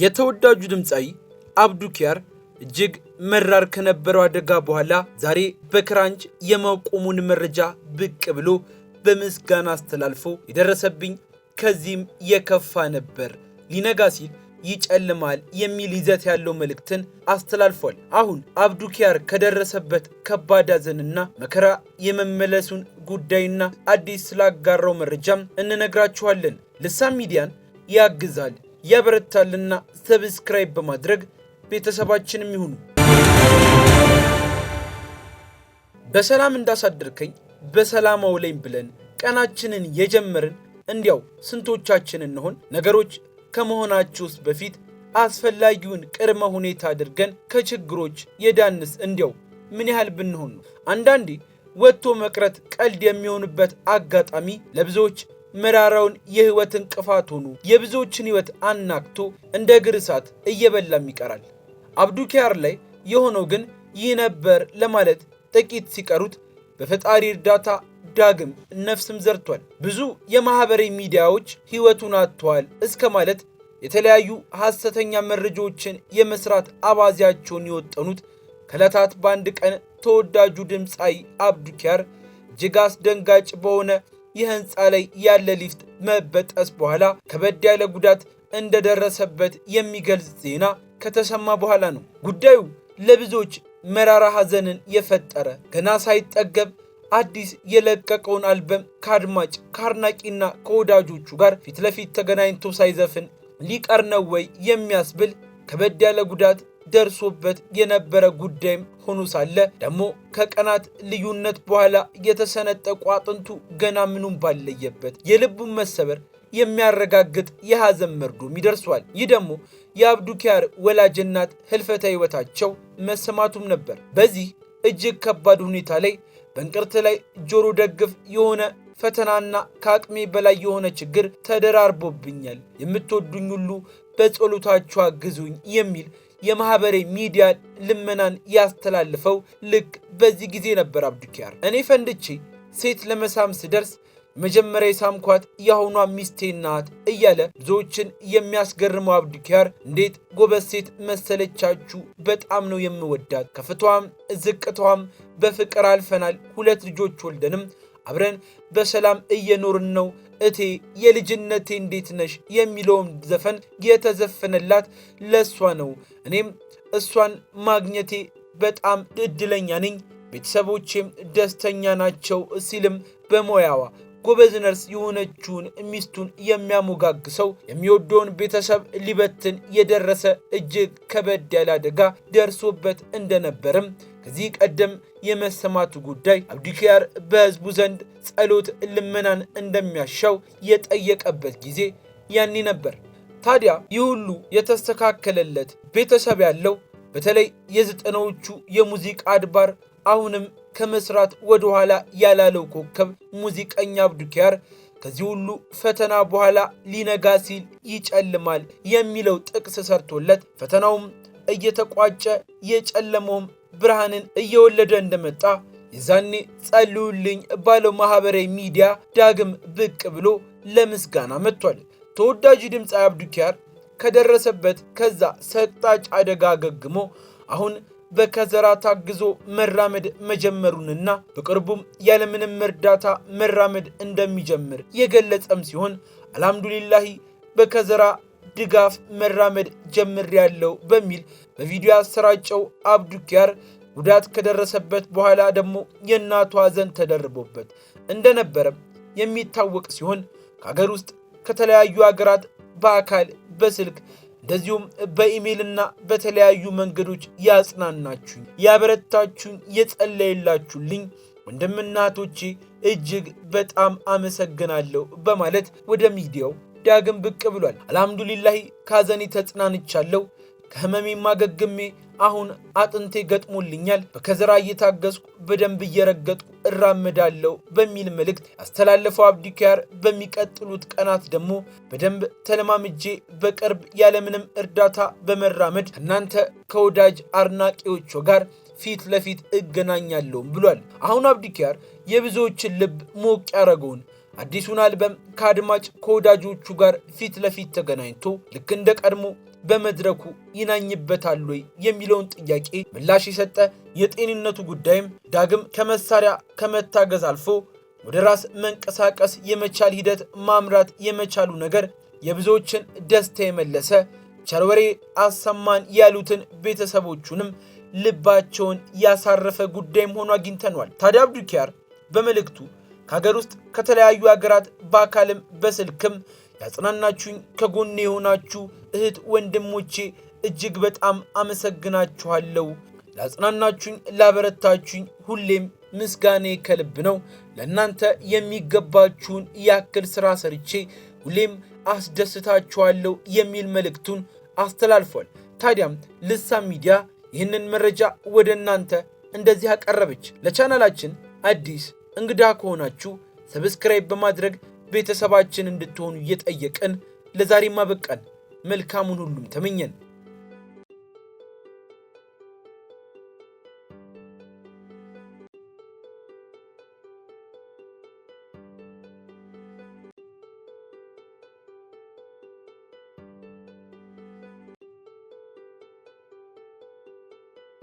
የተወዳጁ ድምፃዊ አብዱ ኪያር እጅግ መራር ከነበረው አደጋ በኋላ ዛሬ በክራንች የመቆሙን መረጃ ብቅ ብሎ በምስጋና አስተላልፎ የደረሰብኝ ከዚህም የከፋ ነበር፣ ሊነጋ ሲል ይጨልማል የሚል ይዘት ያለው መልእክትን አስተላልፏል። አሁን አብዱ ኪያር ከደረሰበት ከባድ ሐዘንና መከራ የመመለሱን ጉዳይና አዲስ ስላጋራው መረጃም እንነግራችኋለን። ልሳን ሚዲያን ያግዛል ያበረታልና ሰብስክራይብ በማድረግ ቤተሰባችንም ይሁኑ። በሰላም እንዳሳደርከኝ በሰላም አውለኝ ብለን ቀናችንን የጀመርን እንዲያው ስንቶቻችን እንሆን? ነገሮች ከመሆናችሁስ በፊት አስፈላጊውን ቅድመ ሁኔታ አድርገን ከችግሮች የዳንስ እንዲያው ምን ያህል ብንሆን ነው? አንዳንዴ ወጥቶ መቅረት ቀልድ የሚሆንበት አጋጣሚ ለብዙዎች መራራውን የህይወት እንቅፋት ሆኖ የብዙዎችን ህይወት አናክቶ እንደ እግር እሳት እየበላም ይቀራል። አብዱኪያር ላይ የሆነው ግን ይህ ነበር ለማለት ጥቂት ሲቀሩት በፈጣሪ እርዳታ ዳግም ነፍስም ዘርቷል። ብዙ የማህበራዊ ሚዲያዎች ሕይወቱን አጥተዋል እስከ ማለት የተለያዩ ሐሰተኛ መረጃዎችን የመስራት አባዜያቸውን የወጠኑት ከለታት በአንድ ቀን ተወዳጁ ድምፃዊ አብዱኪያር እጅግ አስደንጋጭ በሆነ የህንፃ ላይ ያለ ሊፍት መበጠስ በኋላ ከበድ ያለ ጉዳት እንደደረሰበት የሚገልጽ ዜና ከተሰማ በኋላ ነው። ጉዳዩ ለብዙዎች መራራ ሐዘንን የፈጠረ ገና ሳይጠገብ አዲስ የለቀቀውን አልበም ከአድማጭ ከአድናቂና ከወዳጆቹ ጋር ፊት ለፊት ተገናኝቶ ሳይዘፍን ሊቀር ነው ወይ የሚያስብል ከበድ ያለ ጉዳት ደርሶበት የነበረ ጉዳይም ሆኖ ሳለ ደግሞ ከቀናት ልዩነት በኋላ የተሰነጠቁ አጥንቱ ገና ምኑም ባለየበት የልቡን መሰበር የሚያረጋግጥ የሐዘን መርዶም ይደርሷል። ይህ ደግሞ የአብዱኪያር ወላጅናት ህልፈተ ህይወታቸው መሰማቱም ነበር። በዚህ እጅግ ከባድ ሁኔታ ላይ በእንቅርት ላይ ጆሮ ደግፍ የሆነ ፈተናና ከአቅሜ በላይ የሆነ ችግር ተደራርቦብኛል፣ የምትወዱኝ ሁሉ በጸሎታችሁ አግዙኝ የሚል የማህበሬ ሚዲያ ልመናን ያስተላልፈው ልክ በዚህ ጊዜ ነበር አብዱኪያር። እኔ ፈንድቼ ሴት ለመሳም ስደርስ መጀመሪያ የሳምኳት የአሁኗ ሚስቴ ናት እያለ ብዙዎችን የሚያስገርመው አብዱኪያር እንዴት ጎበዝ ሴት መሰለቻችሁ፣ በጣም ነው የምወዳት፣ ከፍቷም ዝቅቷም በፍቅር አልፈናል፣ ሁለት ልጆች ወልደንም አብረን በሰላም እየኖርን ነው እቴ የልጅነቴ እንዴት ነሽ የሚለውን ዘፈን የተዘፈነላት ለእሷ ነው። እኔም እሷን ማግኘቴ በጣም እድለኛ ነኝ፣ ቤተሰቦቼም ደስተኛ ናቸው ሲልም በሙያዋ ጎበዝ ነርስ የሆነችውን ሚስቱን የሚያሞጋግሰው የሚወደውን ቤተሰብ ሊበትን የደረሰ እጅግ ከበድ ያለ አደጋ ደርሶበት እንደነበርም ከዚህ ቀደም የመሰማቱ ጉዳይ አብዱኪያር በህዝቡ ዘንድ ጸሎት ልመናን እንደሚያሻው የጠየቀበት ጊዜ ያኔ ነበር። ታዲያ ይህ ሁሉ የተስተካከለለት ቤተሰብ ያለው በተለይ የዘጠናዎቹ የሙዚቃ አድባር አሁንም ከመስራት ወደኋላ ያላለው ኮከብ ሙዚቀኛ አብዱኪያር ከዚህ ሁሉ ፈተና በኋላ ሊነጋ ሲል ይጨልማል የሚለው ጥቅስ ሰርቶለት ፈተናውም እየተቋጨ የጨለመውም ብርሃንን እየወለደ እንደመጣ የዛኔ ጸልዩልኝ ባለው ማህበራዊ ሚዲያ ዳግም ብቅ ብሎ ለምስጋና መጥቷል። ተወዳጁ ድምፃዊ አብዱኪያር ከደረሰበት ከዛ ሰቅጣጭ አደጋ አገግሞ አሁን በከዘራ ታግዞ መራመድ መጀመሩንና በቅርቡም ያለምንም እርዳታ መራመድ እንደሚጀምር የገለጸም ሲሆን አልሐምዱሊላሂ በከዘራ ድጋፍ መራመድ ጀምሬያለሁ በሚል በቪዲዮ ያሰራጨው አብዱኪያር ጉዳት ከደረሰበት በኋላ ደግሞ የእናቱ ሐዘን ተደርቦበት እንደነበረም የሚታወቅ ሲሆን ከሀገር ውስጥ ከተለያዩ ሀገራት በአካል በስልክ እንደዚሁም በኢሜይልና በተለያዩ መንገዶች ያጽናናችሁኝ፣ ያበረታችሁኝ፣ የጸለየላችሁልኝ ወንድምናቶቼ እጅግ በጣም አመሰግናለሁ በማለት ወደ ሚዲያው ግን ብቅ ብሏል። አልሐምዱሊላህ ካዘኔ ተጽናንቻለሁ፣ ከህመሜ ማገግሜ አሁን አጥንቴ ገጥሞልኛል፣ በከዘራ እየታገዝኩ በደንብ እየረገጥኩ እራመዳለሁ በሚል መልእክት ያስተላለፈው አብዲኪያር በሚቀጥሉት ቀናት ደግሞ በደንብ ተለማምጄ በቅርብ ያለምንም እርዳታ በመራመድ እናንተ ከወዳጅ አድናቂዎቹ ጋር ፊት ለፊት እገናኛለሁም ብሏል። አሁን አብዲኪያር የብዙዎችን ልብ ሞቅ ያደረገውን አዲሱን አልበም ከአድማጭ ከወዳጆቹ ጋር ፊት ለፊት ተገናኝቶ ልክ እንደ ቀድሞ በመድረኩ ይናኝበታል ወይ የሚለውን ጥያቄ ምላሽ የሰጠ የጤንነቱ ጉዳይም ዳግም ከመሳሪያ ከመታገዝ አልፎ ወደ ራስ መንቀሳቀስ የመቻል ሂደት ማምራት የመቻሉ ነገር የብዙዎችን ደስታ የመለሰ ቸርወሬ አሰማን ያሉትን ቤተሰቦቹንም ልባቸውን ያሳረፈ ጉዳይም ሆኖ አግኝተኗል። ታዲያ አብዱኪያር በመልእክቱ ከሀገር ውስጥ ከተለያዩ ሀገራት በአካልም በስልክም ያጽናናችሁኝ ከጎን የሆናችሁ እህት ወንድሞቼ እጅግ በጣም አመሰግናችኋለሁ። ላጽናናችሁኝ፣ ላበረታችሁኝ ሁሌም ምስጋኔ ከልብ ነው። ለእናንተ የሚገባችሁን ያክል ሥራ ሰርቼ ሁሌም አስደስታችኋለሁ የሚል መልእክቱን አስተላልፏል። ታዲያም ልሳን ሚዲያ ይህንን መረጃ ወደ እናንተ እንደዚህ አቀረበች። ለቻናላችን አዲስ እንግዳ ከሆናችሁ ሰብስክራይብ በማድረግ ቤተሰባችን እንድትሆኑ እየጠየቅን ለዛሬ ማበቃን መልካሙን ሁሉም ተመኘን።